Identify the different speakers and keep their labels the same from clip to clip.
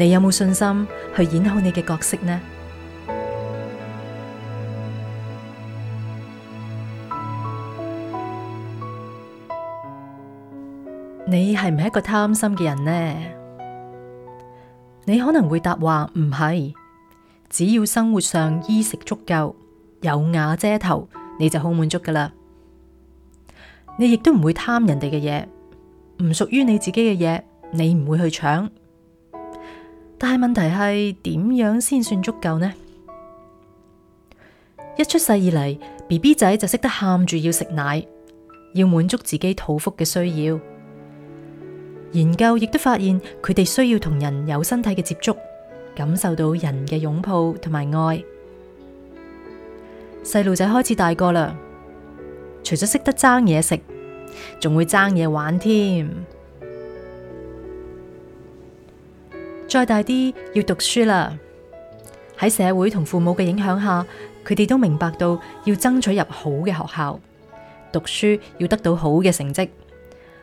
Speaker 1: 你有冇信心去演好你嘅角色呢？你係唔係一個貪心嘅人呢？你可能會答話唔係，只要生活上衣食足夠，有瓦遮頭，你就好滿足㗎喇。你亦都唔會貪人哋嘅嘢、唔屬於你自己嘅嘢，你唔會去搶。但係問題係點樣先算足夠呢？一出世以嚟，BB 仔就識得喊住要食奶，要滿足自己肚腹嘅需要。研究亦都發現，佢哋需要同人有身體嘅接觸，感受到人嘅擁抱同埋愛。細路仔開始大個啦，除咗識得爭嘢食，仲會爭嘢玩添。再大啲要讀書啦，喺社會同父母嘅影響下，佢哋都明白到要爭取入好嘅學校，讀書要得到好嘅成績，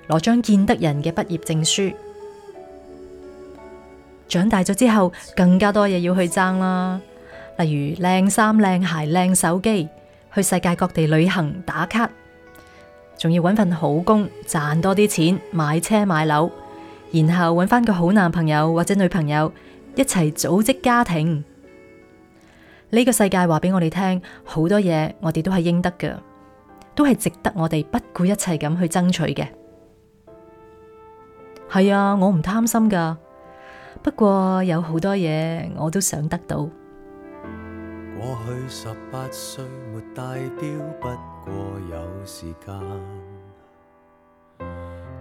Speaker 1: 攞張見得人嘅畢業證書。長大咗之後，更加多嘢要去爭啦，例如靚衫、靚鞋、靚手機，去世界各地旅行打卡，仲要搵份好工，賺多啲錢，買車買樓。然後揾翻個好男朋友或者女朋友一齊組織家庭。呢個世界話俾我哋聽，好多嘢我哋都係應得嘅，都係值得我哋不顧一切咁去爭取嘅。係啊，我唔貪心噶，不過有好多嘢我都想得到。
Speaker 2: 過去十八歲沒帶錶，不過有時間。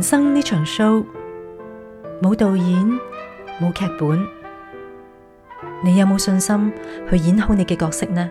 Speaker 1: 人生呢場 show，冇導演，冇劇本，你有冇信心去演好你
Speaker 2: 嘅角色呢？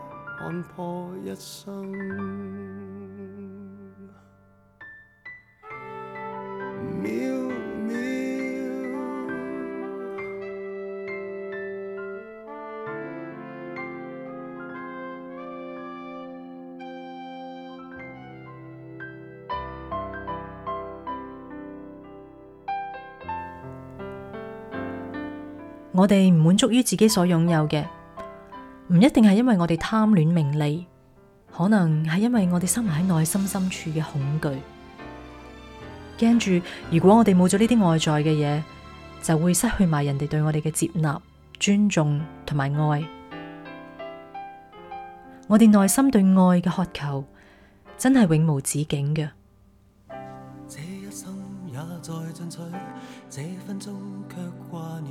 Speaker 2: 看破一生，秒秒
Speaker 1: 我哋唔滿足於自己所擁有嘅。唔一定係因為我哋貪戀名利，可能係因為我哋深埋喺內心深處嘅恐懼，驚住如果我哋冇咗呢啲外在嘅嘢，就會失去埋人哋對我哋嘅接納、尊重同埋愛。我哋內心對愛嘅渴求，真係永無止境
Speaker 2: 嘅。這一生也在進取，這分鐘卻掛念。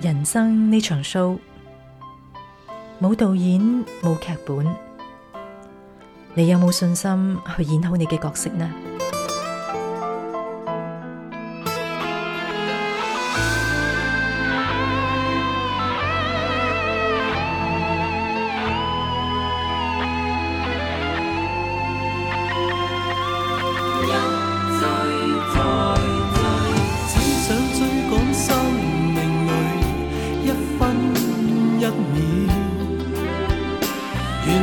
Speaker 1: 人生呢場 show，冇導演，冇劇本，你有冇信心去演好你嘅角色呢？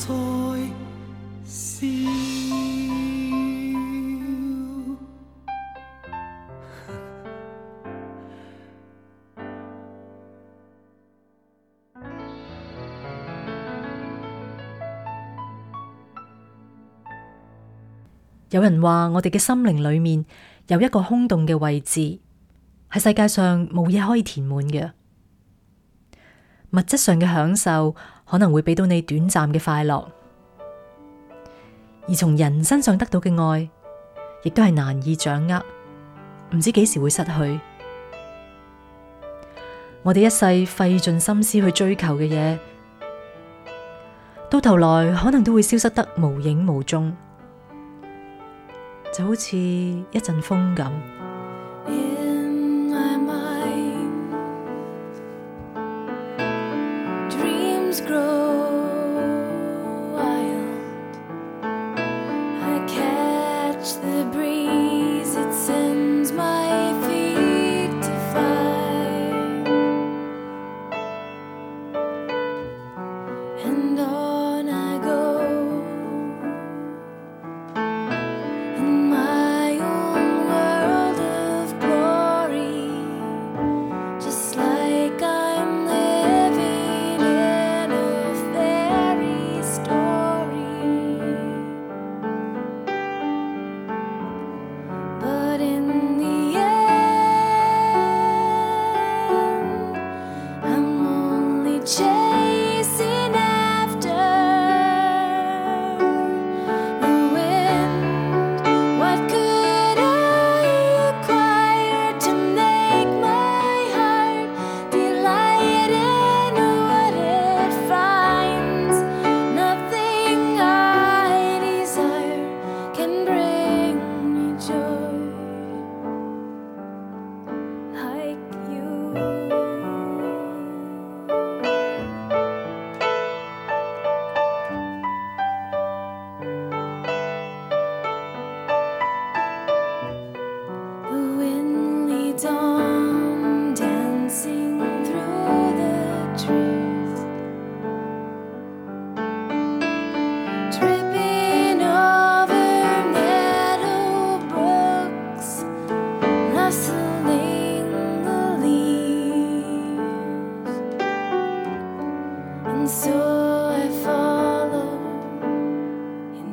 Speaker 3: 在笑。
Speaker 1: 有人話，我哋嘅心靈裏面有一個空洞嘅位置，喺世界上冇嘢可以填滿嘅。物質上嘅享受可能會俾到你短暫嘅快樂，而從人身上得到嘅愛，亦都係難以掌握，唔知幾時會失去。我哋一世費盡心思去追求嘅嘢，到頭來可能都會消失得無影無蹤，就好似一陣風咁。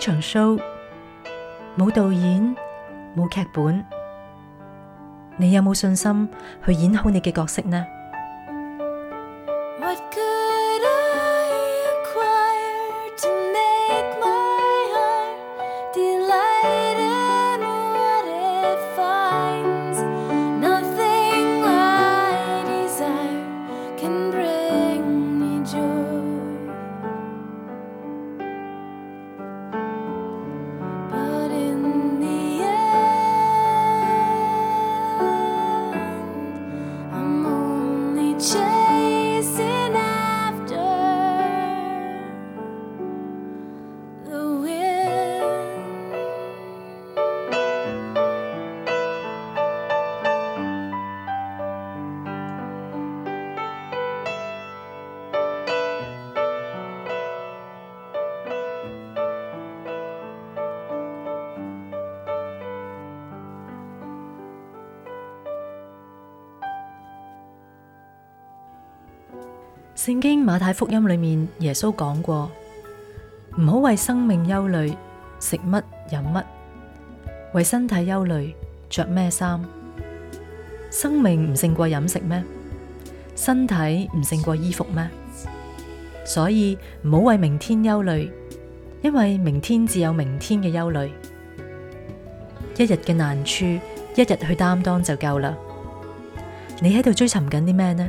Speaker 1: 場 show 冇導演，冇劇本，你有冇信心去演好你嘅角色呢？聖經馬太福音裏面耶穌講過：唔好為生命憂慮，食乜飲乜；為身體憂慮，着咩衫。生命唔勝過飲食咩？身體唔勝過衣服咩？所以唔好為明天憂慮，因為明天自有明天嘅憂慮。一日嘅難處，一日去擔當就夠啦。你喺度追尋緊啲咩呢？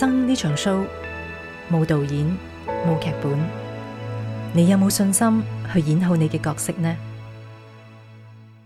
Speaker 1: 生呢場 show 冇導演，冇劇本，你有冇信心去演好你嘅角色呢？